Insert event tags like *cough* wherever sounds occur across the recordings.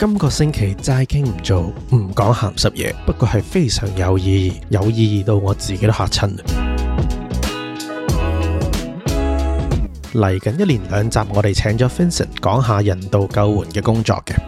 今個星期齋傾唔做，唔講鹹濕嘢，不過係非常有意義，有意義到我自己都吓親。嚟緊一連兩集，我哋請咗 Vincent 講下人道救援嘅工作嘅。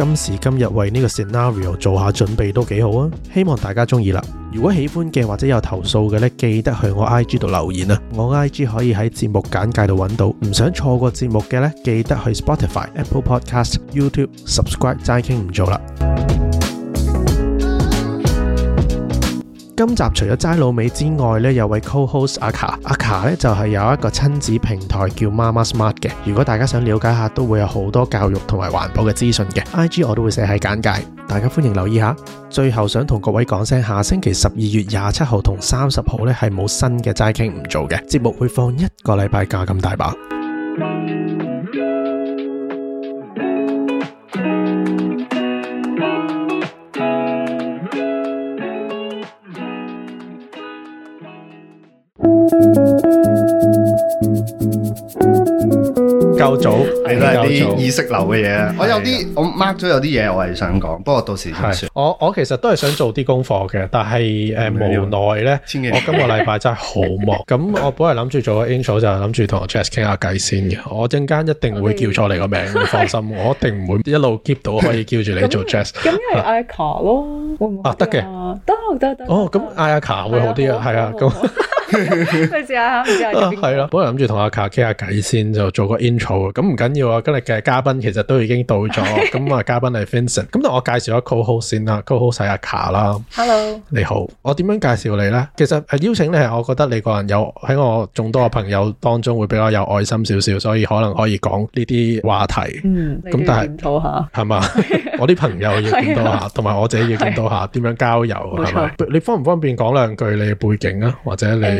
今時今日為呢個 scenario 做下準備都幾好啊！希望大家鍾意啦。如果喜歡嘅或者有投訴嘅呢，記得去我 IG 度留言啊。我 IG 可以喺節目簡介度揾到。唔想錯過節目嘅呢，記得去 Spotify、Apple Podcast、YouTube subscribe。齋傾唔做啦。今集除咗齋老味之外呢有一位 co-host 阿卡，阿卡呢就係、是、有一個親子平台叫 Mama Smart 嘅。如果大家想了解一下，都會有好多教育同埋環保嘅資訊嘅。IG 我都會寫喺簡介，大家歡迎留意一下。最後想同各位講聲，下星期十二月廿七號同三十號呢，係冇新嘅齋傾唔做嘅，節目會放一個禮拜假咁大把。都係啲意識流嘅嘢、嗯嗯，我有啲、嗯、我 mark 咗、嗯、有啲嘢我係想講，不過到時先我我其實都係想做啲功課嘅，但係誒、嗯呃、無奈咧，我今個禮拜真係好忙。咁 *laughs* 我本嚟諗住做個 intro 就係諗住同我 Jazz 傾下偈先嘅。我陣間一定會叫錯你個名，你、okay. 放心，我一定唔會一路 keep 到可以叫住你做 Jazz。咁因為阿 ca 咯，會唔會啊？得嘅，得得、哦、得。哦，咁阿 ca 會好啲啊，係啊，咁。 *laughs* 試下諗住係咯，本來諗住同阿卡傾下偈先，就做個 intro。咁唔緊要啊，今日嘅嘉賓其實都已經到咗。咁 *laughs* 啊，嘉 *laughs* 賓係 Vincent。咁同我介紹咗 co-host 先啦，co-host 係阿卡啦。Hello，你好。我點樣介紹你呢？其實係邀請你，係我覺得你個人有喺我眾多嘅朋友當中會比較有愛心少少，所以可能可以講呢啲話題。嗯，咁但係探討下係嘛？ *laughs* *laughs* 我啲朋友要見多下，同 *laughs* 埋我自己要見多下，點樣交友係嘛？你方唔方便講兩句你嘅背景啊，或者你？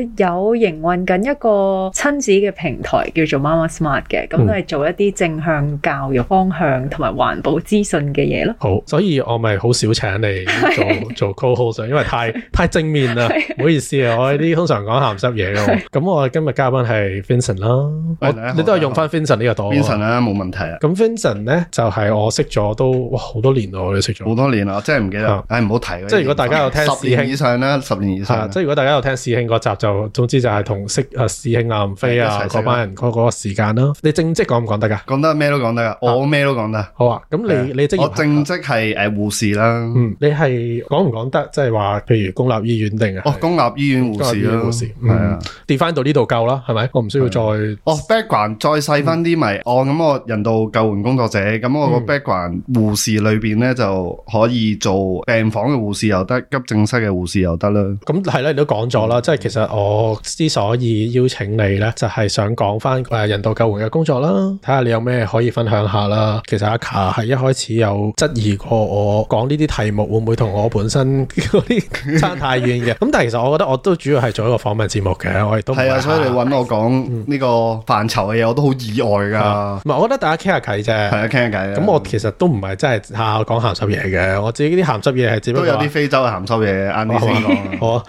有營運緊一個親子嘅平台叫做 Mama Smart 嘅，咁都係做一啲正向教育方向同埋環保資訊嘅嘢咯。好，所以我咪好少請你做 *laughs* 做，做 co-host，因為太太正面啦，唔 *laughs* 好意思啊， *laughs* *laughs* 我啲通常講鹹濕嘢咯。咁我今日嘉賓係 Vincent 啦，你都係用翻 Vincent、哦、Vincent, Vincent 呢個檔。Vincent、就、啦、是，冇問題啊。咁 Vincent 咧就係我識咗都哇好多年咯，我哋識咗好多年啦，真係唔記得。誒唔好提。即係如果大家有聽師兄以上啦十年以上，年以上、啊。即係如果大家有聽師兄嗰集。就總之就係同識啊師兄啊林飛啊嗰班人嗰個時間啦。你正職講唔講得噶？講得咩都講得啊！我咩都講得。好啊，咁你你正職我正職係誒護士啦。嗯，你係講唔講得？即係話，譬如公立醫院定嘅？哦，公立醫院護士啦。護士係啊，跌翻到呢度夠啦，係咪？我唔需要再哦。Background 再細分啲咪？哦，咁我人道救援工作者，咁我個 Background 護士裏邊咧就可以做病房嘅護士又得，急症室嘅護士又得啦。咁係咧，你都講咗啦，即係其實。我之所以邀請你呢，就係、是、想講翻人道救援嘅工作啦，睇下你有咩可以分享下啦。其實阿 ca 係一開始有質疑過我講呢啲題目會唔會同我本身嗰啲 *laughs* 差太遠嘅。咁但係其實我覺得我都主要係做一個訪問節目嘅，我亦都係啊，啊，所以你揾我講呢個範疇嘅嘢、嗯，我都好意外㗎、啊。我覺得大家傾下偈啫。係啊，傾下偈。咁、啊、我其實都唔係真係下、啊、講鹹濕嘢嘅，我自己啲鹹濕嘢係只不過都有啲非洲嘅鹹濕嘢啱啱好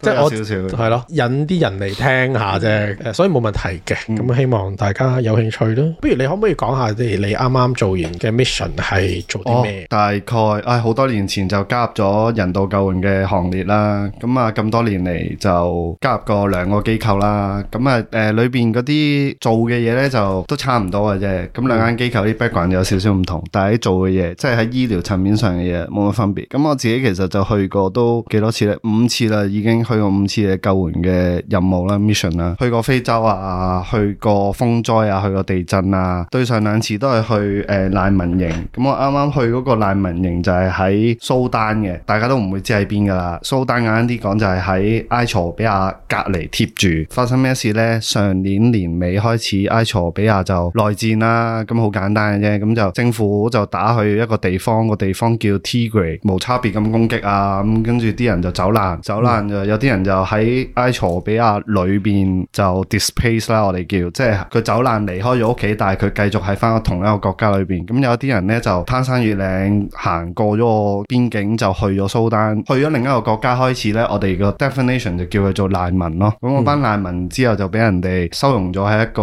即係我， *laughs* 我少少係咯引啲。啲人嚟聽下啫，所以冇問題嘅。咁希望大家有興趣咯、嗯。不如你可唔可以講下，即係你啱啱做完嘅 mission 係做啲咩、哦？大概啊，哎、好多年前就加入咗人道救援嘅行列啦。咁啊，咁多年嚟就加入過兩個機構啦。咁啊，誒、呃、裏邊嗰啲做嘅嘢咧，就都差唔多嘅啫。咁兩間機構啲 background 有少少唔同，但係喺做嘅嘢，即係喺醫療層面上嘅嘢冇乜分別。咁我自己其實就去過都幾多次咧，五次啦，已經去過五次嘅救援嘅。任務啦，mission 啦，去過非洲啊，去過風災啊，去過地震啊，對上兩次都係去誒、呃、難民營。咁我啱啱去嗰個難民營就係喺蘇丹嘅，大家都唔會知喺邊噶啦。蘇丹簡單啲講就係喺埃塞俄比亞隔離貼住。發生咩事呢？上年年尾開始埃塞俄比亞就內戰啦。咁好簡單嘅啫，咁就政府就打去一個地方，個地方叫 Tigray，無差別咁攻擊啊。咁跟住啲人，人就走難，走難就有啲人就喺埃塞俄比。啊，裏邊就 displace 啦，我哋叫，即係佢走難離開咗屋企，但係佢繼續喺翻同一個國家裏邊。咁有啲人呢，就攀山越嶺行過咗個邊境，就去咗蘇丹，去咗另一個國家開始呢，我哋個 definition 就叫佢做難民咯。咁我班難民之後就俾人哋收容咗喺一個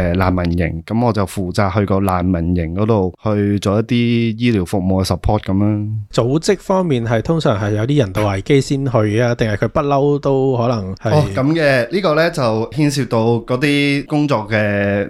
誒難民營。咁我就負責去個難民營嗰度去做一啲醫療服務嘅 support 咁樣。組織方面係通常係有啲人道危機先去啊，定係佢不嬲都可能係？哦咁嘅、這個、呢個咧就牽涉到嗰啲工作嘅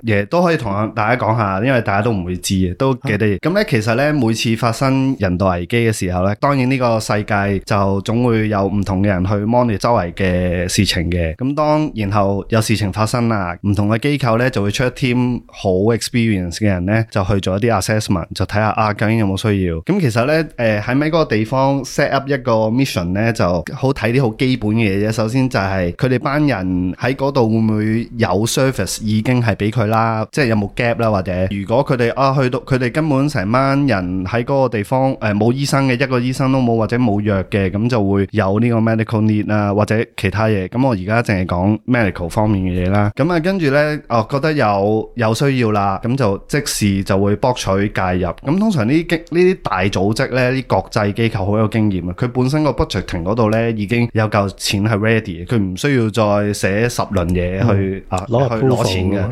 嘢，都可以同大家講下，因為大家都唔會知嘅，都幾得意。咁、嗯、咧其實咧每次發生人道危機嘅時候咧，當然呢個世界就總會有唔同嘅人去 monitor 周圍嘅事情嘅。咁當然後有事情發生啦，唔同嘅機構咧就會出 team 好 experience 嘅人咧，就去做一啲 assessment，就睇下啊究竟有冇需要。咁其實咧誒喺咪嗰個地方 set up 一個 mission 咧，就好睇啲好基本嘅嘢啫。首先就係佢哋。班人喺度會唔會有 service 已經係俾佢啦？即係有冇 gap 啦？或者如果佢哋啊去到，佢哋根本成班人喺個地方誒冇，呃、醫生嘅一個醫生都冇，或者冇藥嘅，咁就會有呢個 medical need 啊，或者其他嘢。咁我而家淨係講 medical 方面嘅嘢啦。咁啊，跟住咧啊覺得有有需要啦，咁就即時就會博取介入。咁通常呢啲呢啲大組織咧，啲國際機構好有經驗啊。佢本身個 budgeting 嗰度咧已經有嚿錢係 ready 嘅，佢唔需要。要再寫十輪嘢去、嗯、啊，攞去攞錢嘅、啊，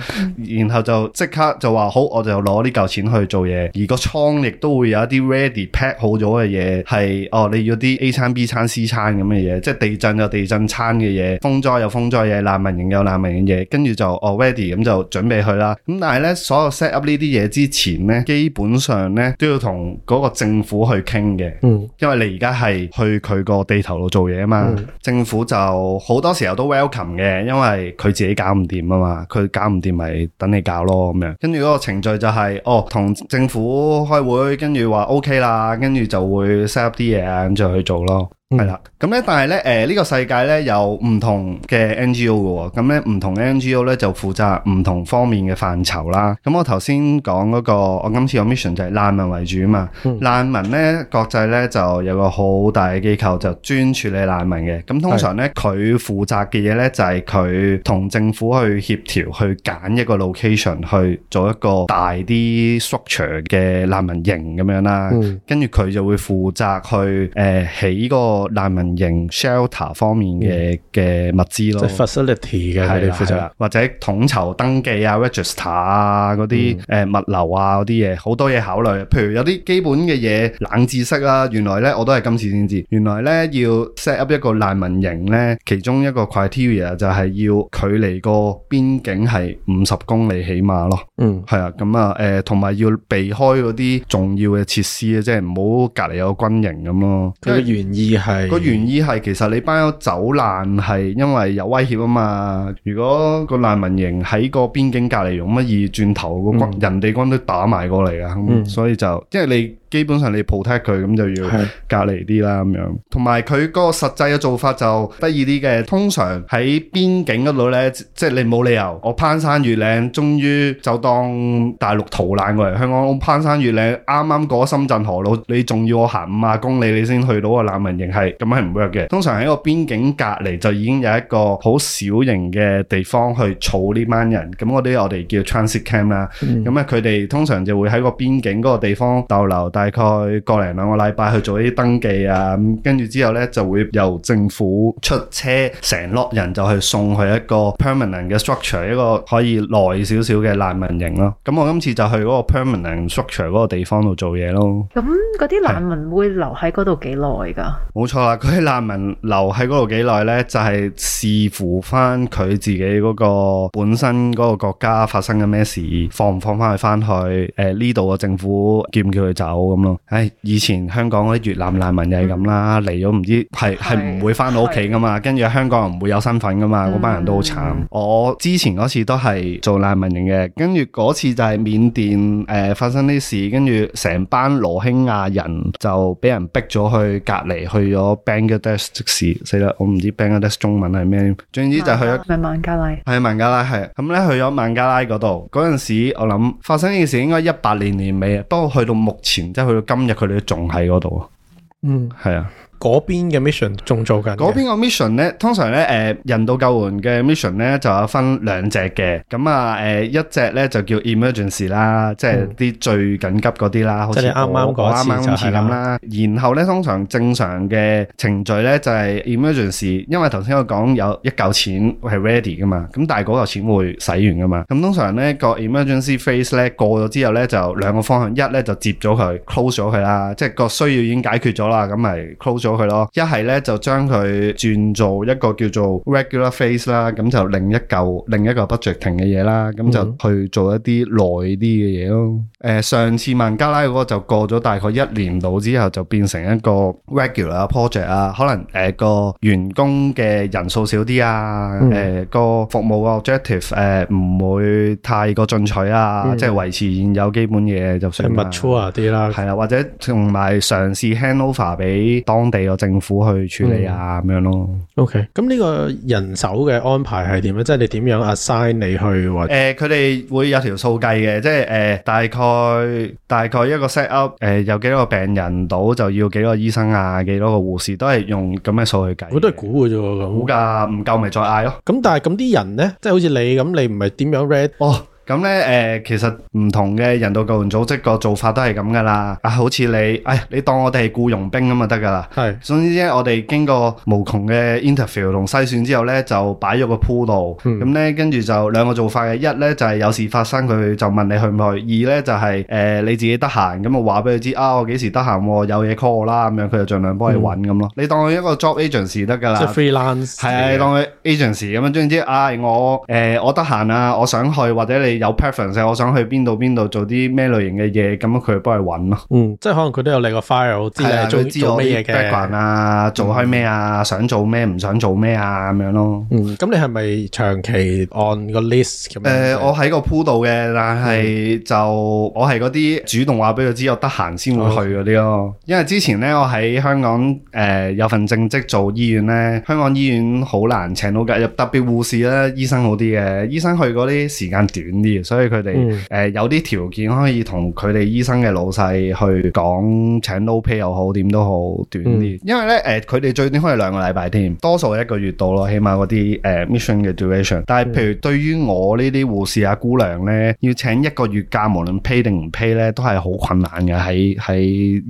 然後就即刻就話好，我就攞呢嚿錢去做嘢、嗯。而個倉亦都會有一啲 ready pack 好咗嘅嘢，係哦你要啲 A 餐 B 餐 C 餐咁嘅嘢，即係地震有地震餐嘅嘢，風災有風災嘅嘢，難民營有難民嘅嘢，跟住就哦 ready 咁就準備去啦。咁但係咧，所有 set up 呢啲嘢之前咧，基本上咧都要同嗰個政府去傾嘅，嗯，因為你而家係去佢個地頭度做嘢啊嘛、嗯，政府就好多時候。都 welcome 嘅，因為佢自己搞唔掂啊嘛，佢搞唔掂咪等你搞咯咁樣，跟住嗰個程序就係、是，哦，同政府開會，跟住話 OK 啦，跟住就會 set up 啲嘢啊，咁就去做咯，係、嗯、啦。咁、嗯、咧，但係咧，誒、呃、呢、這個世界咧有唔同嘅 NGO 嘅、哦，咁咧唔同嘅 NGO 咧就負責唔同方面嘅範疇啦。咁我頭先講嗰我今次個 mission 就係難民為主啊嘛、嗯。難民咧，國際咧就有個好大嘅機構就專處理難民嘅。咁通常咧，佢負責嘅嘢咧就係佢同政府去協調去揀一個 location 去做一個大啲 structure 嘅難民營咁樣啦。嗯、跟住佢就會負責去誒起、呃、個難民營 shelter 方面嘅嘅、嗯、物資咯即係，facility 嘅係啦，或者統籌登記啊、register 啊嗰啲誒物流啊嗰啲嘢，好多嘢考慮、嗯。譬如有啲基本嘅嘢，冷知識啦，原來咧我都係今次先知，原來咧要 set up 一個難民營咧，其中一個 criteria 就係要距離個邊境係五十公里起碼咯。嗯，係啊，咁、呃、啊，誒，同埋要避開嗰啲重要嘅設施啊，即係唔好隔籬有個軍營咁咯。佢嘅原意係個原是。依係，其實你班友走難係因為有威脅啊嘛。如果個難民營喺個邊境隔籬，用乜轉頭軍，軍、嗯、人哋軍都打埋過嚟啊，嗯、所以就即係你。基本上你 protect 佢，咁就要隔離啲啦，咁樣同埋佢嗰個實際嘅做法就得意啲嘅。通常喺邊境嗰度咧，即係你冇理由我攀山越嶺，終於就當大陸逃難過嚟香港我攀山越嶺，啱啱過深圳河路，你仲要我行五十公里你先去到個難民營，係咁係係唔 work 嘅。通常喺個邊境隔離就已經有一個好小型嘅地方去儲呢班人，咁嗰啲我哋叫 transit camp 啦。咁啊，佢哋通常就會喺個邊境嗰個地方逗留，大概個零兩個禮拜去做啲登記啊，咁跟住之後呢就會由政府出車，成碌人就去送去一個 permanent 嘅 structure，一個可以耐少少嘅難民營咯、啊。咁我今次就去嗰個 permanent structure 嗰個地方度做嘢咯。咁嗰啲難民會留喺嗰度幾耐㗎？冇錯啦，嗰啲難民留喺嗰度幾耐呢？就係、是、視乎翻佢自己嗰個本身嗰個國家發生緊咩事，放唔放翻佢翻去？誒呢度嘅政府叫唔叫佢走？咁咯，唉！以前香港嗰啲越南難民又係咁啦，嚟咗唔知係係唔會翻到屋企噶嘛，跟住香港又唔會有身份噶嘛，嗰、嗯、班人都好慘。我之前嗰次都係做難民營嘅，跟住嗰次就係緬甸誒、呃、發生啲事，跟住成班羅興亞人就俾人逼咗去隔離，去咗 Bangladesh 即係死啦！我唔知 Bangladesh 中文係咩，總之就去咗。係、啊、孟加拉。係孟加拉係，咁咧去咗孟加拉嗰度，嗰陣時我諗發生嘅事應該一百年年尾啊，不過去到目前去到今日，佢哋都仲喺嗰度啊。嗯，係啊。嗰邊嘅 mission 仲做緊，嗰邊個 mission 咧，通常咧，誒人道救援嘅 mission 咧，就有分兩隻嘅，咁啊，誒一隻咧就叫 emergency 啦，即係啲最緊急嗰啲啦，好似啱啱嗰啱啱次咁啦。然後咧，通常正常嘅程序咧就係 emergency，因為頭先我講有一嚿錢係 ready 噶嘛，咁但係嗰嚿錢會使完噶嘛，咁通常咧個 emergency phase 咧過咗之後咧就兩個方向，一咧就接咗佢 close 咗佢啦，即係個需要已經解決咗啦，咁咪 close 咗佢咯，一係咧就將佢轉做一個叫做 regular phase 啦，咁就另一嚿另一嚿 projecting 嘅嘢啦，咁就去做一啲耐啲嘅嘢咯。誒，上次孟加拉嗰個就過咗大概一年度之後，就變成一個 regular project 啊，可能誒個員工嘅人數少啲啊，誒個服務個 objective 誒唔會太過進取啊，即係維持現有基本嘢就算啦。係啊，或者同埋嘗試 handover 俾當地個政府去處理啊咁、嗯、樣咯。OK，咁呢個人手嘅安排係點咧？即係你點樣 assign 你去？誒、呃，佢哋會有條數計嘅，即係誒、呃，大概大概一個 set up，誒、呃，有幾多個病人到就要幾多個醫生啊，幾多個護士都係用咁嘅數去計。佢都係估嘅啫，估噶，唔夠咪再嗌咯。咁但係咁啲人咧，即係好似你咁，你唔係點樣 read a 哦？咁咧，誒、呃，其實唔同嘅人道救援組織個做法都係咁噶啦。啊，好似你，誒、哎，你當我哋係僱傭兵咁就得噶啦。係。總之咧，我哋經過無窮嘅 interview 同篩選之後咧，就擺咗個鋪路。咁、嗯、咧，跟住就兩個做法嘅。一咧就係、是、有事發生，佢就問你去唔去。二咧就係、是，誒、呃，你自己得閒，咁啊話俾佢知，啊，我幾時得閒，有嘢 call 我啦，咁樣佢就盡量幫你揾咁咯。你當佢一個 job agency、It's、agency 得噶啦。即係 freelance。係啊，當佢 agency 咁樣，總之，唉、哎，我，誒、呃，我得閒啊，我想去，或者你。有 preference，我想去邊度邊度做啲咩類型嘅嘢，咁樣佢幫你揾咯。嗯，即係可能佢都有你個 file，知道你做做咩嘢嘅啊，做開咩啊，想做咩唔想做咩啊，咁樣咯。嗯，咁你係咪長期按個 list 咁樣、呃？誒，我喺個鋪度嘅，但係就我係嗰啲主動話俾佢知，我得閒先會去嗰啲咯。因為之前咧，我喺香港誒、呃、有份正職做醫院咧，香港醫院好難請到嘅，特別護士咧，醫生好啲嘅，醫生去嗰啲時間短。所以佢哋誒有啲條件可以同佢哋醫生嘅老細去講請 no pay 又好，好點都好短啲，因為咧誒佢哋最短可以兩個禮拜添，多數一個月到咯，起碼嗰啲誒 mission 嘅 duration。但係譬如對於我呢啲護士阿姑娘咧、嗯，要請一個月假，無論 pay 定唔 pay 咧，都係好困難嘅喺喺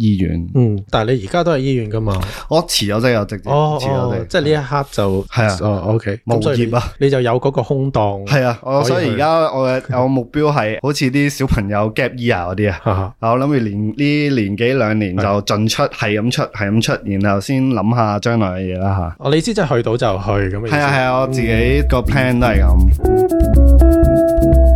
醫院。嗯，但係你而家都係醫院㗎嘛？我辭咗職，有直接哦，哦，即係呢一刻就係啊，o k 冇無業啊，那你，你就有嗰個空檔係啊。所以現在我以而家我 *laughs* 我目標係好似啲小朋友 gap year 嗰啲啊， *laughs* 我諗住年呢年幾兩年就進出係咁出係咁出，出，然後先諗下將來嘅嘢啦吓。哦，你意思即係去到就去咁。係啊係啊，我自己個 plan 都係咁。嗯嗯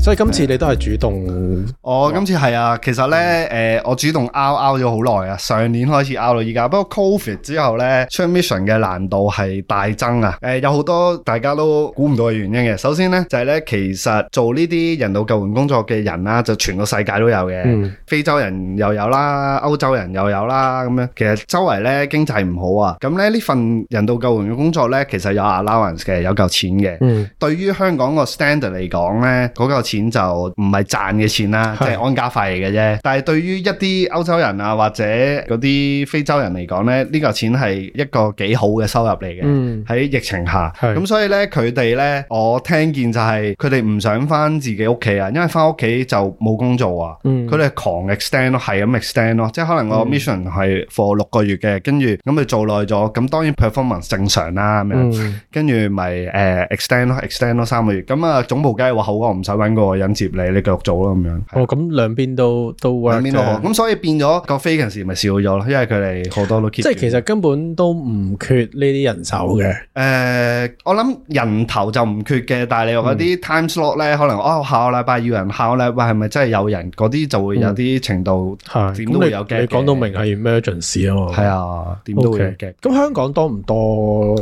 所以今次你都係主動，我、嗯哦、今次係啊，其實咧，誒、呃，我主動拗拗咗好耐啊，上年開始拗到依家。不過 Covid 之後咧，transmission 嘅難度係大增啊、呃。有好多大家都估唔到嘅原因嘅。首先咧，就係、是、咧，其實做呢啲人道救援工作嘅人啦、啊，就全個世界都有嘅、嗯，非洲人又有啦，歐洲人又有啦，咁樣。其實周圍咧經濟唔好啊，咁咧呢份人道救援嘅工作咧，其實有 allowance 嘅，有夠錢嘅、嗯。對於香港個 standard 呢、嗰個 standard 嚟講咧，錢就唔係賺嘅錢啦，即係安家費嚟嘅啫。但係對於一啲歐洲人啊，或者嗰啲非洲人嚟講咧，呢個錢係一個幾好嘅收入嚟嘅。喺疫情下，咁所以咧佢哋咧，我聽見就係佢哋唔想翻自己屋企啊，因為翻屋企就冇工做啊。佢哋係狂 extend 咯，係咁 extend 咯，即係可能我 mission 係 for 六個月嘅，跟住咁佢做耐咗，咁當然 performance 正常啦咁樣，跟住咪誒 extend 咯，extend 咯三個月。咁啊總部梗係話好過唔使搵。個引接你，你繼續做咯咁樣。哦，咁兩邊都都兩邊都好。咁所以變咗個 n 嗰陣時咪少咗咯，因為佢哋好多都 keep。即係其實根本都唔缺呢啲人手嘅、嗯呃。我諗人頭就唔缺嘅，但係你話嗰啲 time slot 咧，可能哦下個禮拜要人，下個禮拜係咪真係有人？嗰啲就會有啲程度點、嗯、點都會有嘅。嘅。講到明係 emergency 啊嘛，係啊，點都會嘅。咁、okay. 香港多唔多？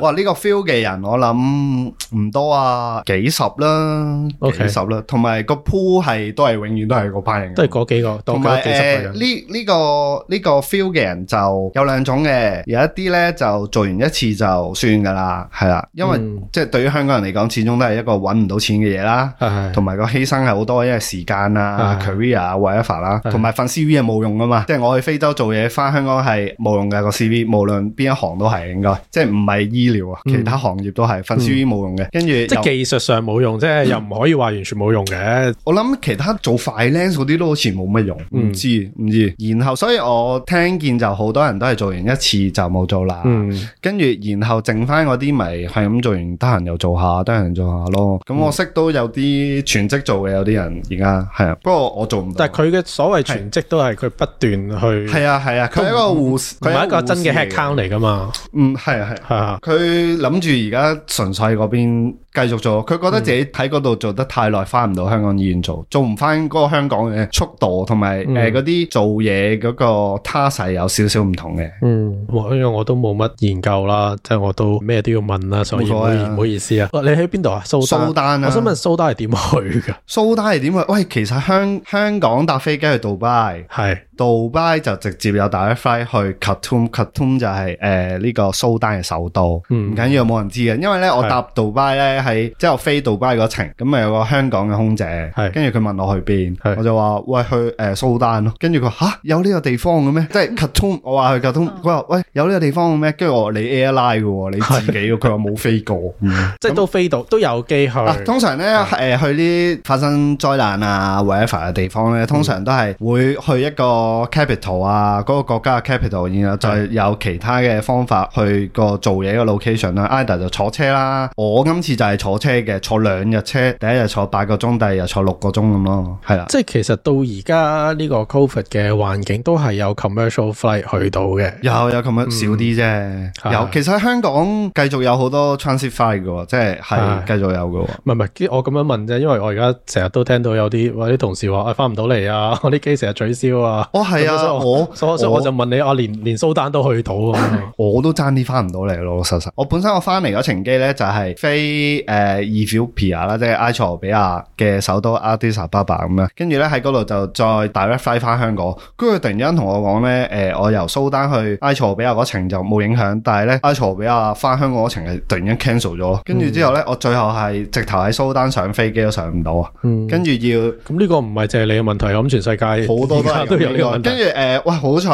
哇，呢、呢個 field 嘅人我諗唔多啊，幾十啦。Okay. 同埋個 pool 係都係永遠都係嗰班人，都係嗰幾個，同埋誒呢呢個呢、呢個 feel 嘅人就有兩種嘅，有一啲咧就做完一次就算噶啦，係啦，因為、嗯、即係對於香港人嚟講，始終都係一個揾唔到錢嘅嘢啦，同埋個犧牲係好多，因為時間啊、是是 career 啊、whatever 啦，同埋份 CV 係冇用噶嘛，是是即係我去非洲做嘢返香港係冇用嘅個 CV，無論邊一行都係應該，即係唔係醫療啊，其他行業都係、嗯嗯、份 CV 冇用嘅，跟住即係技術上冇用，即、嗯、係又唔可以話完。全冇用嘅，我諗其他做 freelance 嗰啲都好似冇乜用，唔、嗯、知唔知。然後所以我聽見就好多人都係做完一次就冇做啦、嗯，跟住然後剩翻嗰啲咪係咁做完，得、嗯、閒又做下，得閒做，下，又做下咯。咁、嗯嗯、我識都有啲全職做嘅，有啲人而家係啊。不過我做唔到，但係佢嘅所謂全職都係佢不斷去。係啊係啊，佢係、啊啊、一個護士，佢係一個真嘅 headcount 嚟噶嘛。嗯，係係係啊，佢諗住而家純粹嗰邊繼續做，佢覺得自己喺嗰度做得太耐。嗯我翻唔到香港醫院做，做唔翻嗰個香港嘅速度同埋誒嗰啲做嘢嗰個 task 有少少唔同嘅。嗯，我因為我都冇乜研究啦，即係我都咩都要問啦，所以唔好意思啊。你喺邊度啊？蘇丹啊，我想問蘇丹係點去噶？蘇丹係點去？喂，其實香香港搭飛機去杜拜係。杜拜就直接有 Direct Fly 去 Khartoum Khartoum 就係誒呢個蘇丹嘅首都，唔緊要冇人知嘅，因為咧我搭杜拜咧係即係飛杜拜嗰程，咁咪有個香港嘅空姐，跟住佢問我去邊，我就話喂去誒蘇、呃、丹咯，跟住佢話吓有呢個地方嘅咩？即係 Khartoum 我話說去 Khartoum 佢話喂有呢個地方嘅咩？跟住我你 Airline 嘅，你自己，佢話冇飛過， *laughs* 嗯嗯、即係都飛到都有機去，啊。通常咧誒、呃、去啲發生災難啊 whatever 嘅地方咧，通常都係會去一個。個 capital 啊，嗰、那個國家嘅 capital，然後就有其他嘅方法去個做嘢嘅 location 啦。Ada 就坐車啦，我今次就係坐車嘅，坐兩日車，第一日坐八個鐘，第二日坐六個鐘咁咯，係啦。即係其實到而家呢個 COVID 嘅環境都係有 commercial flight 去到嘅，有有咁樣少啲啫，有。有嗯、有其實喺香港繼續有好多 transit flight 嘅，即係係繼續有嘅。唔係唔係，我咁樣問啫，因為我而家成日都聽到有啲我啲同事話，誒、哎，翻唔到嚟啊，我啲機成日取消啊。我、哦、係啊！我我，所以我就問你啊，連連蘇丹都去到， *laughs* 我都爭啲翻唔到嚟咯！實實，我本身我翻嚟嗰程機咧就係飛誒埃塞俄比亞啦，即係埃塞俄比亞嘅首都阿迪薩巴巴咁樣，跟住咧喺嗰度就再 direct flight 翻香港，跟住佢突然間同我講咧誒，我由蘇丹去埃塞俄比亞嗰程就冇影響，但係咧埃塞俄比亞翻香港嗰程係突然間 cancel 咗，跟住之後咧、嗯、我最後係直頭喺蘇丹上飛機都上唔到啊！跟、嗯、住要咁呢、嗯、個唔係淨係你嘅問題，咁、嗯、全世界好多都都有呢、這個。嗯嗯跟住誒，哇！好彩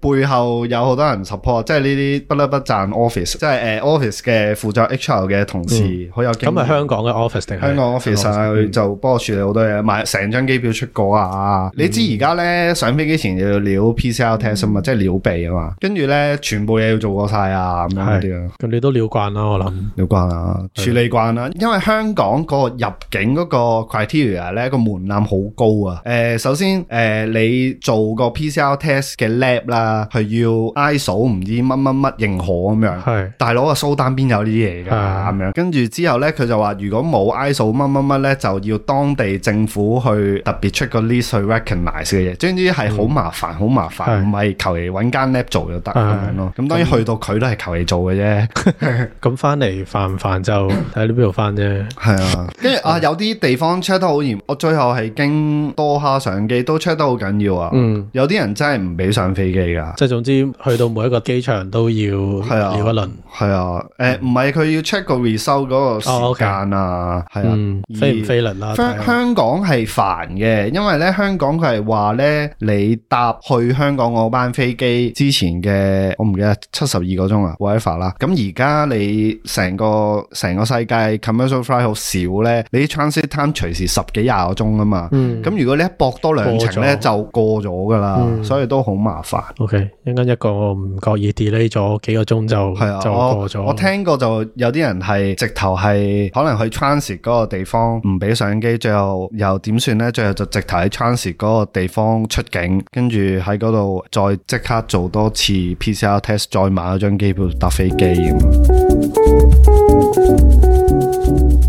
背後有好多人 support，即係呢啲不得不讚 office，即、嗯、係、就是、office 嘅負責 HR 嘅同事，好、嗯、有經驗。咁係香港嘅 office，定香港 office，香港 office 就幫我處理好多嘢，買成張機票出過啊！嗯、你知而家咧上飛機前要撩 PCR test 啊、嗯、嘛，即係撩鼻啊嘛。跟住咧，全部嘢要做過晒啊咁樣嗰啲啊。咁、嗯、你都撩慣啦，我諗撩慣啦，處理慣啦。因為香港個入境嗰個 criteria 咧，個門檻好高啊。呃、首先誒、呃，你做冇個 PCR test 嘅 lab 啦，係要 ISO 唔知乜乜乜認可咁樣，係大佬啊，蘇丹邊有呢啲嘢㗎？咁樣，跟住之後咧，佢就話如果冇 ISO 乜乜乜咧，就要當地政府去特別出個 list 去 recognize 嘅嘢，總之係好麻煩，好、嗯、麻煩，唔係求其揾間 lab 做就得咁樣咯。咁當然去到佢都係求其做嘅啫。咁翻嚟煩唔煩就睇喺邊度翻啫。係啊，跟住 *laughs* 啊有啲地方 check 得好嚴，我最後係經多下相機都 check 得好緊要啊。嗯嗯，有啲人真係唔俾上飛機噶，即係總之去到每一個機場都要要一輪，係啊，誒唔係佢要 check 個 result 嗰個時間啊，係、哦 okay, 啊，嗯、飛唔飛輪啊,啊？香港係煩嘅，因為咧香港佢係話咧，你搭去香港嗰班飛機之前嘅我唔記得七十二個鐘啊，whatever 啦。咁而家你成個成個世界 commercial flight 好少咧，你啲 transit time 隨時十幾廿個鐘啊嘛，咁、嗯、如果你一駁多兩程咧，就過咗。好噶啦，所以都好麻煩。OK，一陣間一個唔覺意 delay 咗幾個鐘就、啊、就過咗。我聽過就有啲人係直頭係可能去 transit 嗰個地方唔俾相機，最後又點算呢？最後就直頭喺 transit 嗰個地方出境，跟住喺嗰度再即刻做多次 PCR test，再買咗張機票搭飛機咁。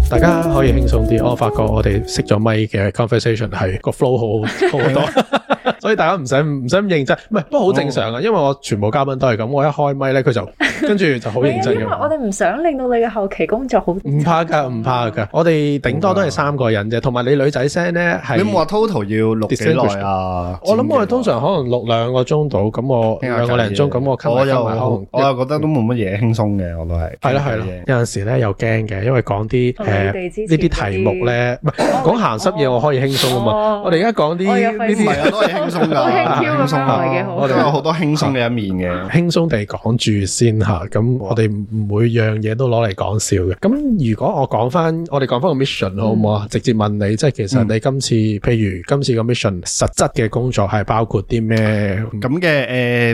大家可以輕鬆啲，我發覺我哋熄咗咪嘅 conversation 係個 flow 好好多。 *laughs* 所以大家唔使唔使咁認真，唔係不過好正常嘅，因為我全部嘉賓都係咁。我一開咪咧，佢就跟住就好認真。因為我哋唔想令到你嘅後期工作好難。唔怕㗎，唔怕㗎。我哋頂多都係三個人啫，同埋你女仔聲咧係。你冇話 total 要錄幾耐啊？我諗我哋通常可能錄兩個鐘到，咁我兩個零鐘咁我。我又我又覺得都冇乜嘢，輕鬆嘅我都係。係咯係咯，有陣時咧又驚嘅，因為講啲誒呢啲題目咧，唔係講鹹濕嘢，我可以輕鬆啊嘛。我哋而家講啲呢啲。輕鬆㗎，輕鬆唔係嘅，我哋有好多輕鬆嘅一面嘅，輕鬆地講住先吓。咁我哋每樣嘢都攞嚟講笑嘅。咁如果我講翻，我哋講翻個 mission 好唔好啊？直接問你，即係其實你今次，譬如今次個 mission 實質嘅工作係包括啲咩咁嘅？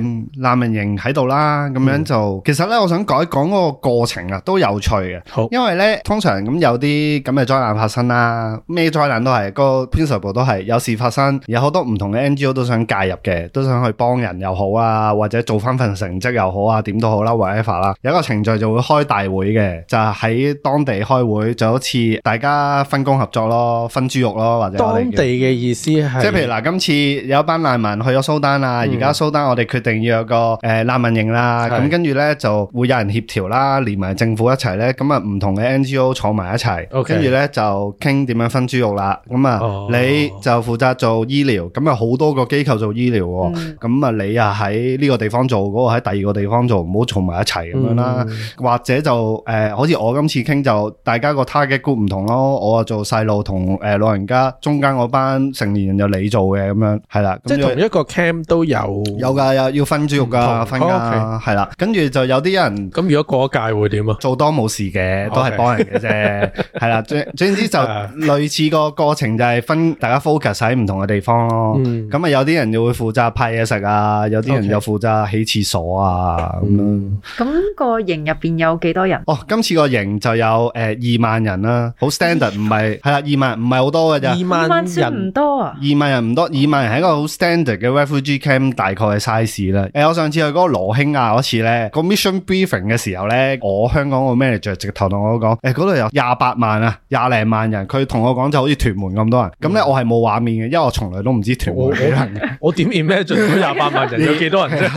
誒難民營喺度啦，咁樣就其實咧，我想改講嗰個過程啦，都有趣嘅。好，因為咧通常咁有啲咁嘅災難發生啦，咩災難都係個 principle 都係有事發生，有好多唔同嘅。NGO 都想介入嘅，都想去幫人又好啊，或者做翻份成績又好啊，點都好啦，whatever 啦。有一個程序就會開大會嘅，就係喺當地開會，就好似大家分工合作咯，分豬肉咯，或者當地嘅意思係，即係譬如嗱，今次有一班難民去咗蘇丹啊，而家蘇丹我哋決定要有個誒、呃、難民營啦，咁跟住咧就會有人協調啦，連埋政府一齊咧，咁啊唔同嘅 NGO 坐埋一齊，跟住咧就傾點樣分豬肉啦，咁啊你就負責做醫療，咁啊好。好多個機構做醫療，咁、嗯、啊你啊喺呢個地方做，嗰、那個喺第二個地方做，唔好嘈埋一齊咁樣啦、嗯。或者就誒、呃，好似我今次傾就大家個 target group 唔同咯。我啊做細路同誒老人家中間嗰班成年人就你做嘅咁樣，係啦。即係同一個 camp 都有有噶，要分豬肉噶分噶，係啦、okay。跟住就有啲人咁，如果過一屆會點啊？做多冇事嘅，都係幫人嘅啫。係、okay, 啦， *laughs* 總總之就類似個過程就分，就係分大家 focus 喺唔同嘅地方咯。嗯。咁啊，有啲人就會負責派嘢食啊，okay. 啊那個、有啲人又負責起廁所啊咁樣。咁個營入邊有幾多人？哦，今次個營就有誒二、呃、萬人啦、啊，好 standard，唔係係啦，二萬唔係好多㗎啫。二萬二唔多啊？二萬人唔多，二萬人係一個好 standard 嘅 refugee camp 大概嘅 size 啦。誒、呃，我上次去嗰個羅興亞、啊、嗰次咧，個 mission briefing 嘅時候咧，我香港個 manager 直頭同我講，誒嗰度有廿八萬啊，廿零萬人，佢同我講就好似屯門咁多人。咁、嗯、咧我係冇畫面嘅，因為我從來都唔知屯門。哦幾 *laughs* 我點 email 最多廿八萬人？有幾多， *laughs* 多人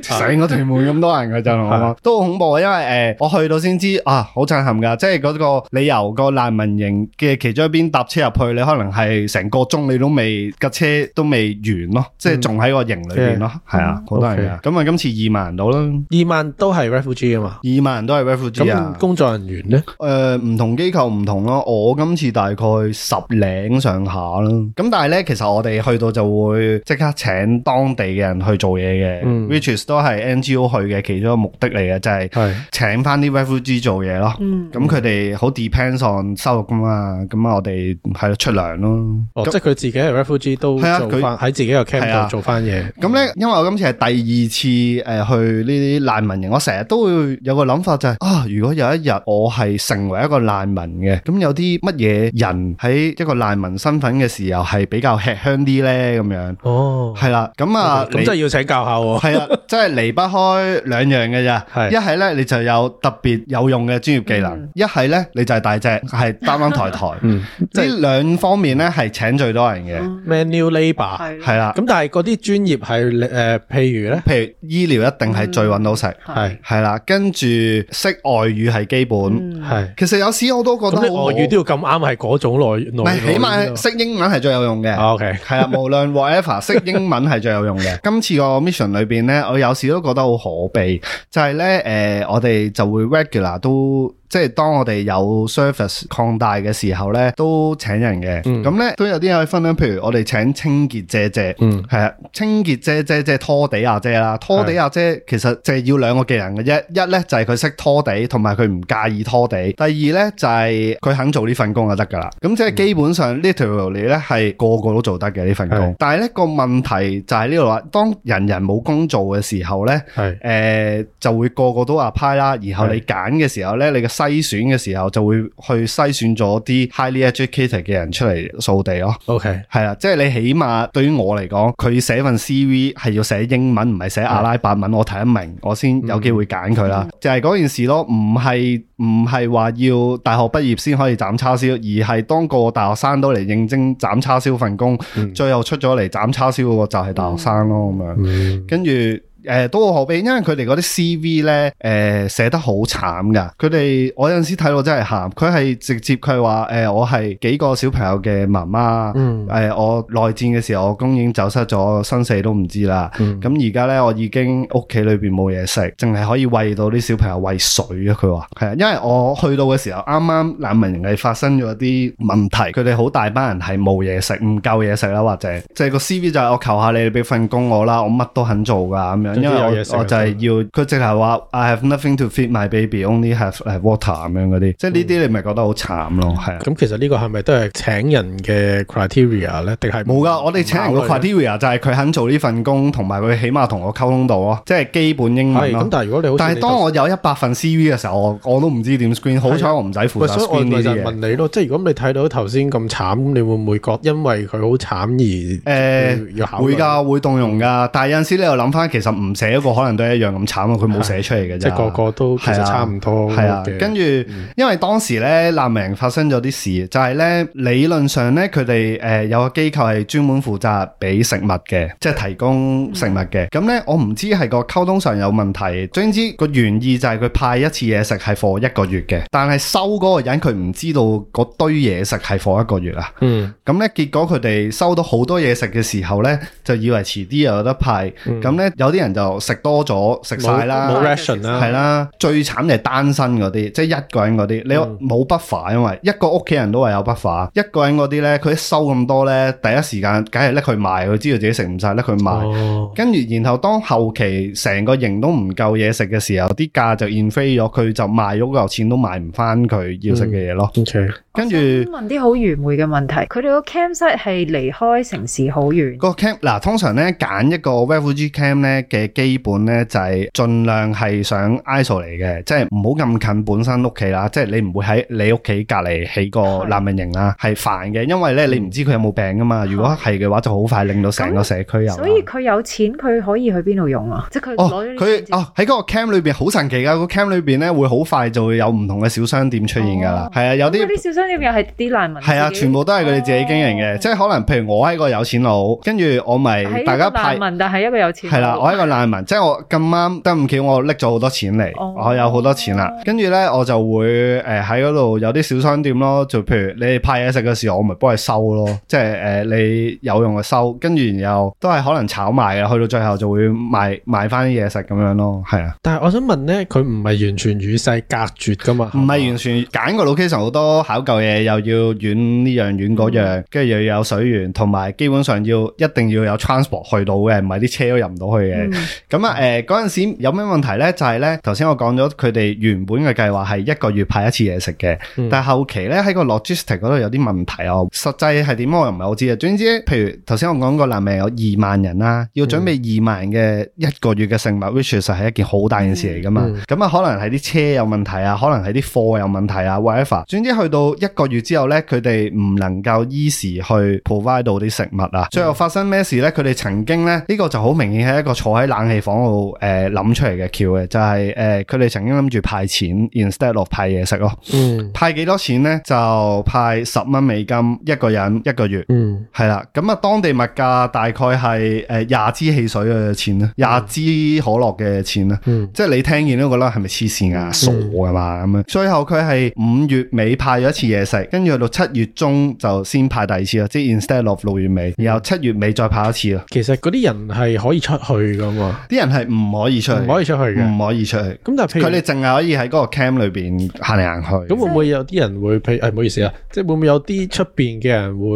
啫？成個屯門咁多人噶，真係，都好恐怖。因為誒、呃，我去到先知啊，好震撼噶。即係嗰、那個你由個難民營嘅其中一邊搭車入去，你可能係成個鐘你都未，架車都未完咯。即係仲喺個營裏邊咯，係、嗯、啊，好多人噶。咁、嗯、啊，okay, 今次二萬人到啦，二萬都係 refugee 啊嘛，二萬人都係 refugee 啊。工作人員咧，誒、呃，唔同機構唔同咯。我今次大概十領上下啦。咁但係咧，其實我哋去到。就會即刻請當地嘅人去做嘢嘅，which is 都係 NGO 去嘅其中個目的嚟嘅，就係請翻啲 refugee 做嘢咯。咁佢哋好 depends on 收入噶嘛，咁我哋係出糧咯。哦，即係佢自己係 refugee，都係啊佢喺自己個 camp 度做翻嘢。咁咧，因為我今次係第二次誒去呢啲難民營，我成日都會有個諗法就係啊，如果有一日我係成為一個難民嘅，咁有啲乜嘢人喺一個難民身份嘅時候係比較吃香啲咧？咁、哦、樣？哦，係啦，咁啊，咁即係要請教下喎、啊。係啦即係離不開兩樣嘅咋，係一係咧，你就有特別有用嘅專業技能；一係咧，你就係大隻，係擔擔抬抬。嗯，呢兩、嗯、方面咧係請最多人嘅。Manual labour 係啦，咁、啊啊、但係嗰啲專業係誒、呃，譬如咧，譬如醫療一定係最搵到食，係係啦，跟住識外語係基本，係、嗯。其實有時我都覺得外語都要咁啱係嗰種內內。唔係，起碼識英文係最有用嘅。OK，係啊，冇、okay。 *laughs* whatever 識英文係最有用嘅。 *laughs* 今次個 mission 裏面呢，我有時都覺得好可悲，就係呢誒，我哋就會 regular 都。即係當我哋有 service 擴大嘅時候咧，都請人嘅。咁、嗯、咧都有啲可以分享。譬如我哋請清潔姐姐，係、嗯、啊，清潔姐姐即係拖地阿、啊、姐啦，拖地阿、啊、姐其實就係要兩個技能嘅啫。一咧就係佢識拖地，同埋佢唔介意拖地。第二咧就係、是、佢肯做呢份工就得噶啦。咁即係基本上呢 literally 咧係個個都做得嘅呢份工，嗯。但係咧個問題就係呢度話，當人人冇工做嘅時候咧，誒、呃、就會個個都 apply 啦。然後你揀嘅時候咧，你嘅。篩選嘅時候就會去篩選咗啲 highly educated 嘅人出嚟掃地咯。OK，係啊，即係你起碼對於我嚟講，佢寫份 CV 係要寫英文，唔係寫阿拉伯文，我睇得明，我先有機會揀佢啦。嗯、就係、係、嗰件事咯，唔係唔係話要大學畢業先可以斬叉燒，而係當個大學生都嚟應徵斬叉燒份工、嗯，最後出咗嚟斬叉燒嗰個就係大學生咯咁樣。跟、嗯、住。誒、呃，都好可悲，因為佢哋嗰啲 C.V. 咧，誒、呃，寫得好慘噶。佢哋我有陣時睇到真係喊，佢係直接佢話，誒、呃，我係幾個小朋友嘅媽媽，誒、嗯呃，我內戰嘅時候，我公已經走失咗，生死都唔知啦。咁而家咧，我已經屋企裏邊冇嘢食，淨係可以喂到啲小朋友喂水啊。佢話係啊，因為我去到嘅時候，啱啱難民營係發生咗啲問題，佢哋好大班人係冇嘢食，唔夠嘢食啦，或者即係、就是、個 C.V. 就係我求下你俾份工我啦，我乜都肯做噶咁樣。因為我我就係要佢直頭話，I have nothing to feed my baby, only have water 咁樣嗰啲，即係呢啲你咪覺得好慘咯，係啊。咁、嗯、其實呢個係咪都係請人嘅 criteria 咧？定係冇㗎，我哋請人嘅 criteria 就係佢肯做呢份工，同埋佢起碼同我溝通到咯，即、就、係、是、基本英文。咁但係如果你好你，但係當我有一百份 CV 嘅時候，我我都唔知點 screen。好彩我唔使負責 screen 所以，所以我就問你咯，即係如果你睇到頭先咁慘，你會唔會覺因為佢好慘而誒、欸、會㗎會動容㗎？但係有陣時你又諗翻其實。唔寫個可能都一樣咁慘喎，佢冇寫出嚟嘅啫。即、啊就是、個個都係其實差唔多。啊，啊那個、跟住、嗯、因為當時咧難民發生咗啲事，就係、是、咧理論上咧佢哋誒有個機構係專門負責俾食物嘅，即係提供食物嘅。咁、嗯、咧我唔知係個溝通上有問題，總之個原意就係佢派一次嘢食係貨一個月嘅，但係收嗰個人佢唔知道嗰堆嘢食係貨一個月啊。嗯，嗯呢。咁咧結果佢哋收到好多嘢食嘅時候咧，就以為遲啲又有得派。咁、嗯、咧、嗯、有啲人。就食多咗，食晒啦，冇 ration 啦，係、啊、啦，最慘就係單身嗰啲，即係一個人嗰啲、嗯，你冇 buffer，因為一個屋企人都係有 buffer。一個人嗰啲咧，佢一收咁多咧，第一時間梗係拎去賣，佢知道自己食唔晒，拎去賣、哦，跟住然後當後期成個營都唔夠嘢食嘅時候，啲價就變飛咗，佢就賣咗個錢都賣唔翻佢要食嘅嘢咯。嗯、o、okay、K，跟住問啲好愚昧嘅問題，佢哋個 campsite 係離開城市好遠，個 camp 嗱、啊、通常咧揀一個 refugee camp 咧。嘅基本咧就係、是、盡量係想 isolate 嚟嘅，即係唔好咁近本身屋企啦。即係你唔會喺你屋企隔離起個難民營啦，係煩嘅，因為咧你唔知佢有冇病噶嘛、嗯。如果係嘅話，就好快令到成個社區有。所以佢有錢，佢可以去邊度用啊？即係佢攞佢哦，喺、哦、嗰、哦、個 camp 裏邊好神奇噶，個 camp 裏邊咧會好快就會有唔同嘅小商店出現噶啦。係、哦、啊，有啲啲小商店又係啲難民，係啊，全部都係佢哋自己經營嘅、哦。即係可能譬如我喺個有錢佬，跟住我咪大家派難民，但係一個有錢係啦，我喺 *laughs* 難民即係我咁啱，得唔巧我拎咗好多錢嚟，oh。我有好多錢啦。跟住呢，我就會誒喺嗰度有啲小商店咯，就譬如你派嘢食嘅時候，我咪幫你收咯。 *laughs* 即係誒、呃，你有用嘅收，跟住然後都係可能炒賣嘅，去到最後就會賣賣翻啲嘢食咁樣咯，係啊。但係我想問呢，佢唔係完全與世隔絕噶嘛？唔係完全揀個 location 好多考究嘢，又要遠呢樣遠嗰樣，跟住，嗯、又要有水源，同埋基本上要一定要有 transport 去到嘅，唔係啲車都入唔到去嘅。嗯咁 *laughs* 啊，誒、呃，嗰陣時有咩問題咧？就係、是、咧，頭先我講咗佢哋原本嘅計劃係一個月派一次嘢食嘅，嗯，但係後期咧喺個 logistics 嗰度有啲問題啊。實際係點我又唔係好知啊。總之，譬如頭先我講個難民有二萬人啦，要準備二萬人嘅一個月嘅食物，嗯，which 其實係一件好大件事嚟噶嘛。咁、嗯、啊，可能係啲車有問題啊，可能係啲貨有問題啊，whatever。總之去到一個月之後咧，佢哋唔能夠依時去 provide 到啲食物啊。最後發生咩事咧？佢、嗯、哋曾經咧呢，這個就好明顯係一個坐喺喺冷氣房度誒諗出嚟嘅橋嘅，就係誒佢哋曾經諗住派錢，instead of 派嘢食咯、嗯。派幾多錢咧？就派十蚊美金一個人一個月。係、嗯、啦，咁啊當地物價大概係誒廿支汽水嘅錢啦，廿支可樂嘅錢啦。即、嗯、係、就是、你聽見都覺得係咪黐線啊？傻噶嘛咁樣、嗯。最後佢係五月尾派咗一次嘢食，跟住去到七月中就先派第二次啦，即、就、係、是、instead of 六月尾，然後七月尾再派一次啊。其實嗰啲人係可以出去噶。啲人係唔可以出去，唔可以出去嘅，唔可以出去。咁就譬如佢哋淨係可以喺嗰個 cam 裏面行嚟行去。咁會唔會有啲人會？譬如誒，唔好意思啊，即係會唔會有啲出面嘅人會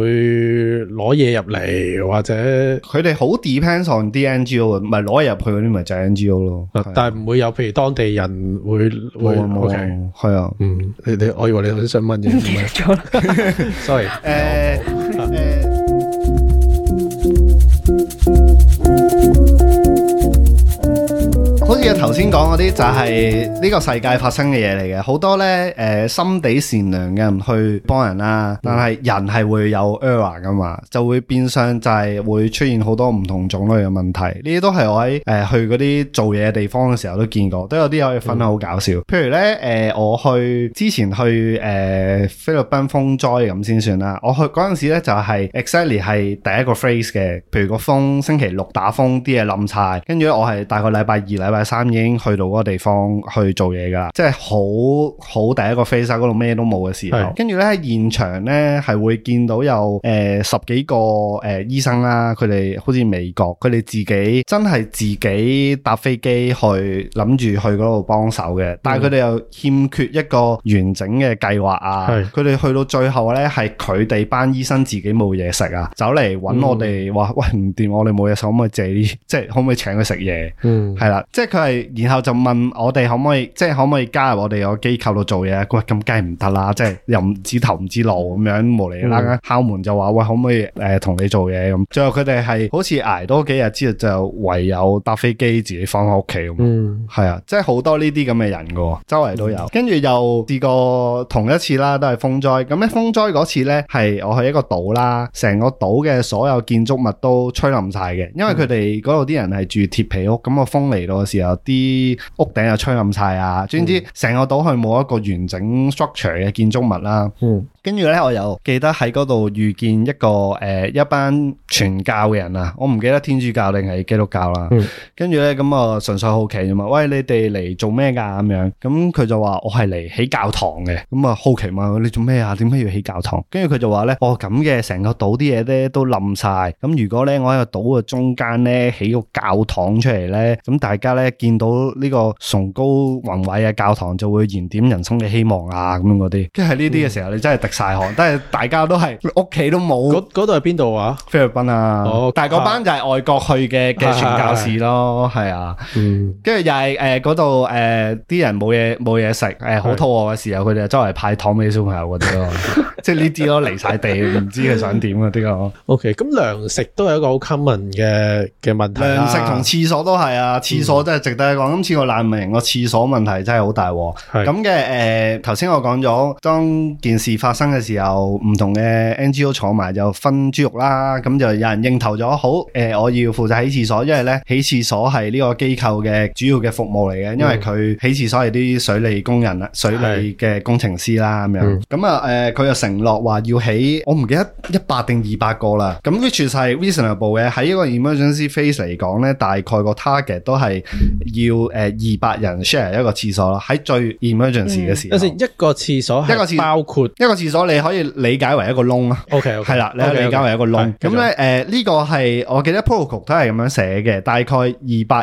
攞嘢入嚟？或者佢哋好 depends on 啲 NGO，唔係攞嘢入去嗰啲咪就係 NGO 咯。啊啊、但係唔會有譬如當地人會會,會。冇啊係啊，嗯，你、嗯、你，我以為你想問嘅嘢。唔記得咗 *laughs* *laughs* ，sorry、欸。 *laughs* 呢頭先講嗰啲就係呢個世界發生嘅嘢嚟嘅，好多呢，誒、呃、心地善良嘅人去幫人啦、啊嗯，但係人係會有 error 噶嘛，就會變相就係會出現好多唔同種類嘅問題。呢啲都係我喺誒、呃、去嗰啲做嘢地方嘅時候都見過，都有啲可以分得好搞笑、嗯。譬如呢，誒、呃，我去之前去誒、呃、菲律賓風災咁先算啦。我去嗰陣時呢，就係、是、exactly 係第一個 phase 嘅，譬如個風星期六打風啲嘢冧晒。跟住我係大概禮拜二禮拜三。三已經去到嗰個地方去做嘢噶，即係好好第一個 phase 嗰度咩都冇嘅時候，跟住咧喺現場咧係會見到有、呃、十幾個誒、呃、醫生啦，佢哋好似美國，佢哋自己真係自己搭飛機去諗住去嗰度幫手嘅，但係佢哋又欠缺一個完整嘅計劃啊。佢哋去到最後咧係佢哋班醫生自己冇嘢食啊，走嚟揾我哋話、嗯、喂，唔掂，我哋冇嘢食，可唔可以借啲？即係可唔可以請佢食嘢？嗯，係啦，即係佢。然後就問我哋可唔可以，即係可唔可以加入我哋個機構度做嘢？佢話，咁梗係唔得啦，即係又唔知頭唔知路咁樣無理啦、嗯。敲門就話喂，可唔可以誒、呃、同你做嘢？咁最後佢哋係好似挨多幾日之後就唯有搭飛機自己翻屋企。咁、嗯、係啊，即係好多呢啲咁嘅人噶，周圍都有。跟住又試過同一次啦，都係風災。咁咧風災嗰次呢，係我去一個島啦，成個島嘅所有建築物都吹冧晒嘅，因為佢哋嗰度啲人係住鐵皮屋，咁個風嚟到嘅時候。有啲屋頂又窗冧晒啊，總之成個島係冇一個完整 structure 嘅建築物啦。嗯，跟住咧，我又記得喺嗰度遇見一個誒一班傳教嘅人啊，我唔記得天主教定係基督教啦。嗯，跟住咧咁啊，純粹好奇啫嘛。喂，你哋嚟做咩噶咁樣？咁佢就話，我係嚟起教堂嘅。咁啊，好奇問，你做咩啊？點解要起教堂？跟住佢就話咧，哦咁嘅成個島啲嘢咧都冧晒。咁如果咧我喺個島嘅中間咧起個教堂出嚟咧，咁大家咧。見到呢個崇高宏偉嘅教堂，就會燃點人生嘅希望啊！咁樣嗰啲，即係呢啲嘅時候，嗯、你真係滴晒汗。但係大家都係屋企都冇嗰度係邊度啊？菲律賓啊，哦、但係嗰班就係外國去嘅嘅、啊、傳教士咯，係啊，跟、嗯、住又係嗰度啲人冇嘢冇嘢食，好肚餓嘅時候，佢哋周圍派糖俾小朋友嗰啲咯，即係呢啲咯，離晒地唔知佢想點啊？呢、 *laughs* 這個 O K，咁糧食都係一個好 common 嘅嘅問題、啊，糧食同廁所都係啊，廁所真係、嗯。直頭講今次個難民營個廁所問題真係好大，咁嘅誒，頭先我講咗，當件事發生嘅時候，唔同嘅 NGO 坐埋就分豬肉啦，咁就有人認頭咗，好誒，我要負責起廁所，因為咧起廁所係呢個機構嘅主要嘅服務嚟嘅。因為佢起廁所係啲水利工人啦、水利嘅工程師啦咁樣，咁啊誒，佢又承諾話要起，我唔記得一百定二百個啦，咁 which 係 reasonable 嘅，喺一個 emergency phase 嚟講咧，大概個 target 都係。要誒二百人 share 一個廁所咯，喺最 emergency 嘅時候、嗯、一個廁所一個包括一個廁所你可以理解為一個窿啊，OK OK，係啦，okay, okay, 你可以理解為一個窿。咁咧呢個係我記得 protocol 都係咁樣寫嘅，大概二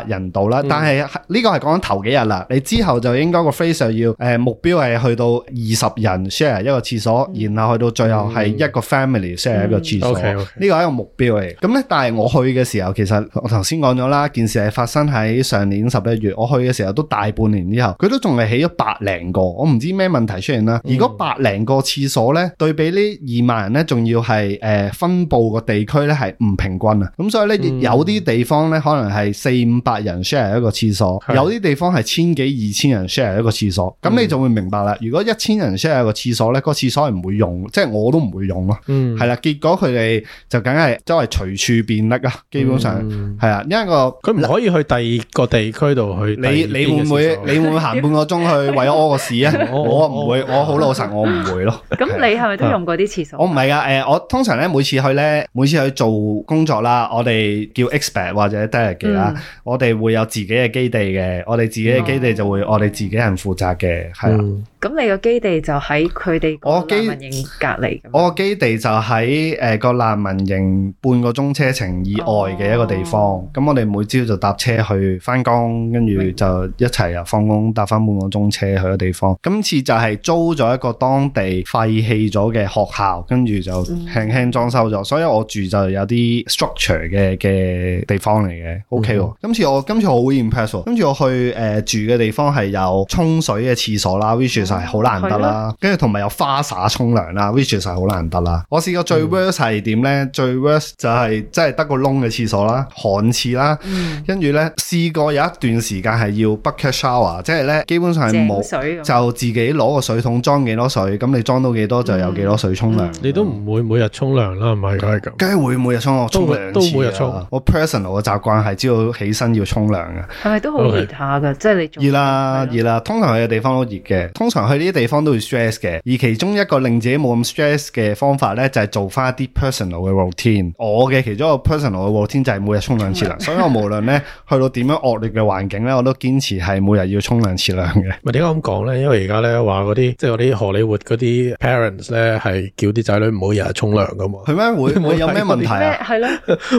百人度啦。但係呢個係講緊頭幾日啦，你之後就應該個 phase 要誒、呃、目標係去到二十人 share 一個廁所，嗯、然後去到最後係一個 family share 一個廁所。呢、嗯嗯 okay, okay, 個係一個目標嚟。咁咧，但係我去嘅時候，其實我頭先講咗啦，件事係發生喺上年。十一月我去嘅時候都大半年之後，佢都仲係起咗百零個，我唔知咩問題出現啦。如、嗯、果百零個廁所咧，對比呢二萬人咧，仲要係誒、呃、分佈個地區咧係唔平均啊。咁所以咧、嗯、有啲地方咧可能係四五百人 share 一個廁所，有啲地方係千幾二千人 share 一個廁所。咁你就會明白啦、嗯。如果一千人 share 一個廁所咧，個廁所係唔會用，即係我都唔會用咯。係、嗯、啦，結果佢哋就梗係周圍隨處便溺呀。基本上係啊，嗯、因為、那個佢唔可以去第二個地。 *laughs* 區度去，你你會唔會你會唔會行半個鐘去為咗屙個屎啊？ *laughs* 我唔會，我好老實，我唔會咯。咁 *laughs* 你係咪都用過啲廁所？ *laughs* 我唔係啊。誒、呃，我通常咧每次去咧，每次去做工作啦，我哋叫 expert 或者 delegate 啦，嗯、我哋會有自己嘅基地嘅，我哋自己嘅基地就會、嗯、我哋自己人負責嘅，係、嗯、啦。咁、嗯、你個基地就喺佢哋個難民營隔離。我的基地就喺誒個難民營半個鐘車程以外嘅一個地方，咁、哦、我哋每朝就搭車去翻跟住就一齊又放工搭翻半個鐘車去個地方。今次就係租咗一個當地廢棄咗嘅學校，跟住就輕輕裝修咗、嗯，所以我住就有啲 structure 嘅嘅地方嚟嘅。嗯、o、okay、K，今次我今次好 impress 跟住我去誒、呃、住嘅地方係有沖水嘅廁所啦、嗯、，which 就係好難得啦。跟住同埋有花灑沖涼啦、嗯、，which 就係好難得啦、嗯。我試過最 worst 係點呢？最 worst 就係真係得個窿嘅廁所啦，旱廁啦。跟、嗯、住呢，試過有一一段時間係要 bucket shower，即係咧基本上係冇就自己攞個水桶裝幾多水，咁你裝到幾多就有幾多水沖涼。你都唔會每日沖涼啦，唔係梗係咁，梗係會每日沖涼沖兩次、啊都都每。我 personal 嘅習慣係朝早起身要沖涼嘅，係咪都好熱下噶？即係你熱啦熱啦，啦，通常去嘅地方都熱嘅，通常去呢啲地方都會 stress 嘅。而其中一個令自己冇咁 stress 嘅方法咧，就係、是、做翻一啲 personal 嘅 routine。我嘅其中一個 personal 嘅 routine 就係每日沖兩次涼， *laughs* 所以我無論咧去到點樣惡劣。嘅環境咧，我都堅持係每日要沖涼兩次涼嘅。咪點解咁講咧？因為而家咧話嗰啲即係嗰啲荷里活嗰啲 parents 咧，係叫啲仔女唔好日日沖涼㗎嘛。係咩？會唔 *laughs* 會有咩問題啊？係咯。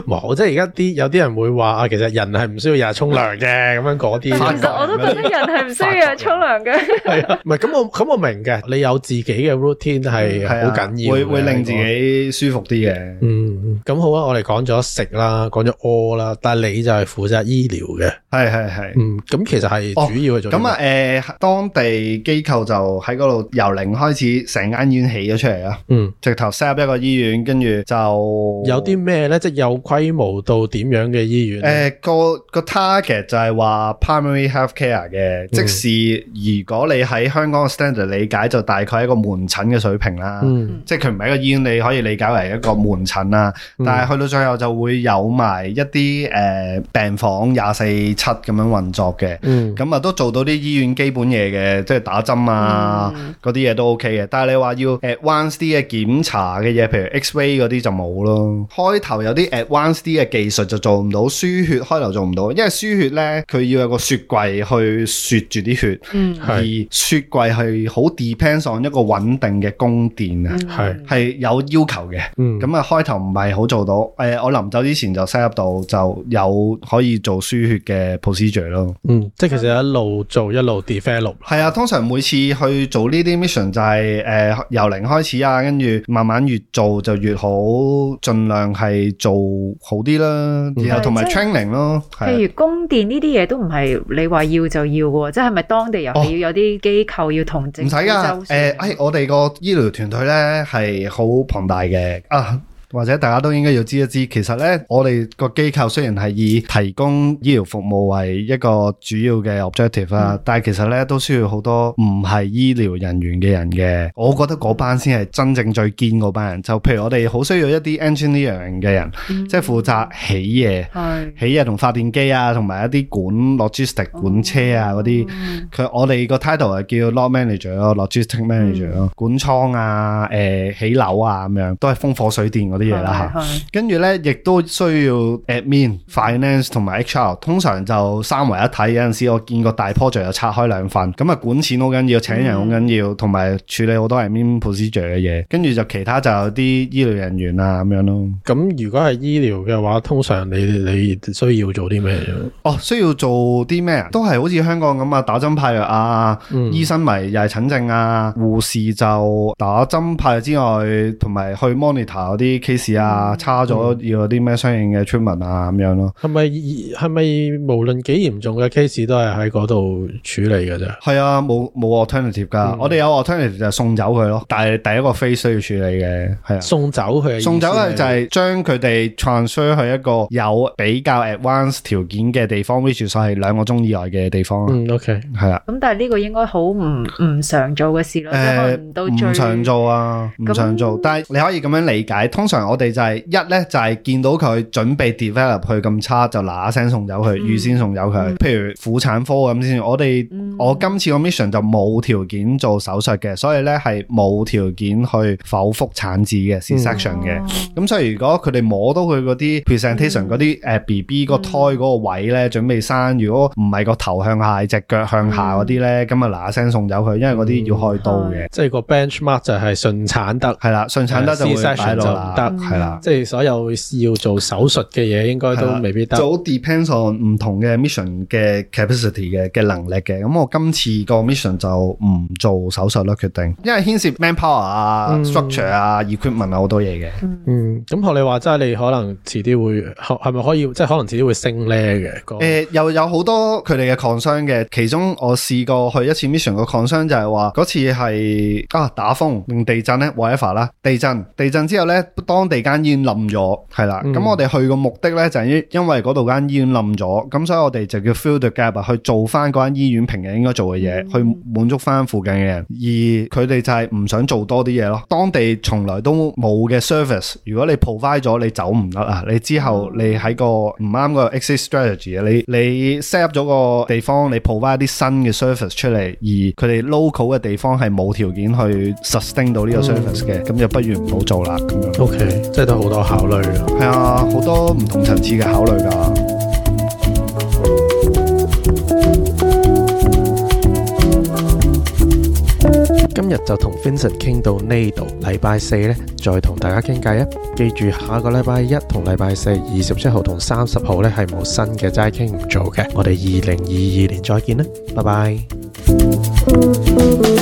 冇， *laughs* 即係而家啲有啲人會話啊，其實人係唔需要日日沖涼嘅咁樣嗰啲。其實我都覺得人係唔需要日日沖涼嘅。係啊。唔係咁我咁我，我明嘅，你有自己嘅 routine 係好緊要，會會令自己舒服啲嘅。嗯，咁好啊，我哋講咗食啦，講咗屙啦，但係你就係負責醫療嘅。係。係係，嗯，咁其實係主要嘅做咁啊，誒、哦呃，當地機構就喺嗰度由零開始，成間醫院起咗出嚟啊，嗯，直頭 set up 一個醫院，跟住就有啲咩咧？即係有規模到點樣嘅醫院？誒、呃，個個 target 就係話 primary health care 嘅、嗯，即使如果你喺香港嘅 standard 理解，就大概一個門診嘅水平啦，嗯、即係佢唔係一個醫院，你可以理解為一個門診啦，嗯、但係去到最後就會有埋一啲誒、呃、病房廿四七。咁樣運作嘅，咁啊都做到啲醫院基本嘢嘅，即係打針啊，嗰啲嘢都 OK 嘅。但係你話要 Advanced 啲嘅檢查嘅嘢，譬如 X-ray 嗰啲就冇咯。開頭有啲 Advanced 啲嘅技術就做唔到輸血，開頭做唔到，因為輸血咧，佢要有個雪櫃去雪住啲血，嗯、而雪櫃係好 depends on 一個穩定嘅供電啊，係、嗯、係有要求嘅。咁啊開頭唔係好做到，誒、嗯呃、我臨走之前就 set up 到就有可以做輸血嘅。老咯，嗯，即係其實一路做一路 develop。係啊，通常每次去做呢啲 mission 就係、是、誒、呃、由零開始啊，跟住慢慢越做就越好，盡量係做好啲啦。然後同埋 training 咯，譬如供電呢啲嘢,都唔係你話要就要嘅，即係咪當地人、哦、要有啲機構要同整。唔使噶。誒、呃，係、哎、我哋個醫療團隊咧係好龐大嘅啊。或者大家都應該要知一知，其實咧，我哋個機構雖然係以提供醫療服務為一個主要嘅 objective 啊、嗯，但係其實咧都需要好多唔係醫療人員嘅人嘅。我覺得嗰班先係真正最堅嗰班人。就譬如我哋好需要一啲 engineering 嘅人，即係負責起嘢，起嘢同發電機啊，同埋一啲管 logistic 管車啊嗰啲。佢、哦嗯、我哋個 title 係叫 log manager logistic manager、嗯、管倉啊，誒、呃，起樓啊咁樣，都係風火水電啲嘢啦吓，跟住咧亦都需要 admin、finance 同埋 HR，通常就三位一體。有陣時我見個大 project 又拆開兩份，咁啊管錢好緊要，請人好緊要，同、嗯、埋處理好多 administrative 嘅嘢。跟住就其他就有啲醫療人員啊咁樣咯。咁如果係醫療嘅話，通常你你需要做啲咩？哦，需要做啲咩？都係好似香港咁啊，打針派藥啊，醫生咪又係診症啊，護士就打針派藥之外，同埋去 monitor 嗰啲。嗯嗯嗯、是是是是 case 是是啊，差咗要有啲咩相應嘅 treatment 啊咁樣咯。係咪係咪無論幾嚴重嘅 case 都係喺嗰度處理嘅啫？係啊，冇冇 alternative 噶。我哋有 alternative 就係送走佢咯。但係第一個非需要處理嘅係啊，送走佢，送走佢就係將佢哋 transfer 去一個有比較 advance 條件嘅地方，which 就係兩個鐘以內嘅地方。嗯，OK，係啊，咁、嗯 okay, 啊嗯、但係呢個應該好唔唔常做嘅事咯。係、呃、誒，唔常做啊，唔常做。但係你可以咁樣理解，通常。我哋就係、是、一咧，就係、是、見到佢準備 develop 去咁差，就嗱聲送走佢，預先送走佢、嗯嗯。譬如婦產科咁先，我哋、嗯、我今次個 mission 就冇條件做手術嘅，所以咧係冇條件去剖腹產子嘅 C-section 嘅、嗯。咁、哦、所以如果佢哋摸到佢嗰啲 presentation 嗰啲 B B 個胎嗰個位咧、嗯，準備生，如果唔係個頭向下，隻腳向下嗰啲咧，咁啊嗱聲送走佢、嗯，因為嗰啲要開刀嘅、啊。即係個 benchmark 就係順產得，係啦，順產得就會落係、嗯、啦，即係所有要做手術嘅嘢，應該都未必得。就 depends on 唔同嘅 mission 嘅 capacity 嘅嘅能力嘅。咁我今次個 mission 就唔做手術啦，決定。因為牽涉 manpower 啊、嗯、structure 啊、equipment 啊好多嘢嘅。嗯，咁學你話，即係你可能遲啲會，係咪可以即係可能遲啲會升咧嘅？誒、呃，又有好多佢哋嘅抗傷嘅。其中我試過去一次 mission 個抗傷就係話，嗰次係啊打風同地震咧 whatever 啦。地震，地震之後咧當地間醫院冧咗，係啦，咁、嗯、我哋去個目的呢，就係、是、因因為嗰度間醫院冧咗，咁所以我哋就叫 fill the gap 去做翻嗰間醫院平日應該做嘅嘢，去滿足翻附近嘅人。而佢哋就係唔想做多啲嘢咯。當地從來都冇嘅 service，如果你 provide 咗，你走唔得啊！你之後你喺個唔啱個 exit strategy，你你 set up 咗個地方，你 provide 啲新嘅 service 出嚟，而佢哋 local 嘅地方係冇條件去 sustain 到呢個 service 嘅，咁、嗯、就不如唔好做啦。咁樣。Okay. 即係都好多考慮啊、嗯！係啊，好多唔同層次嘅考慮㗎。今日就同 Vincent 傾到呢度，禮拜四呢，再同大家傾偈啊！記住下個禮拜一同禮拜四二十七號同三十號呢，係冇新嘅齋傾唔做嘅。我哋二零二二年再見啦，拜拜。嗯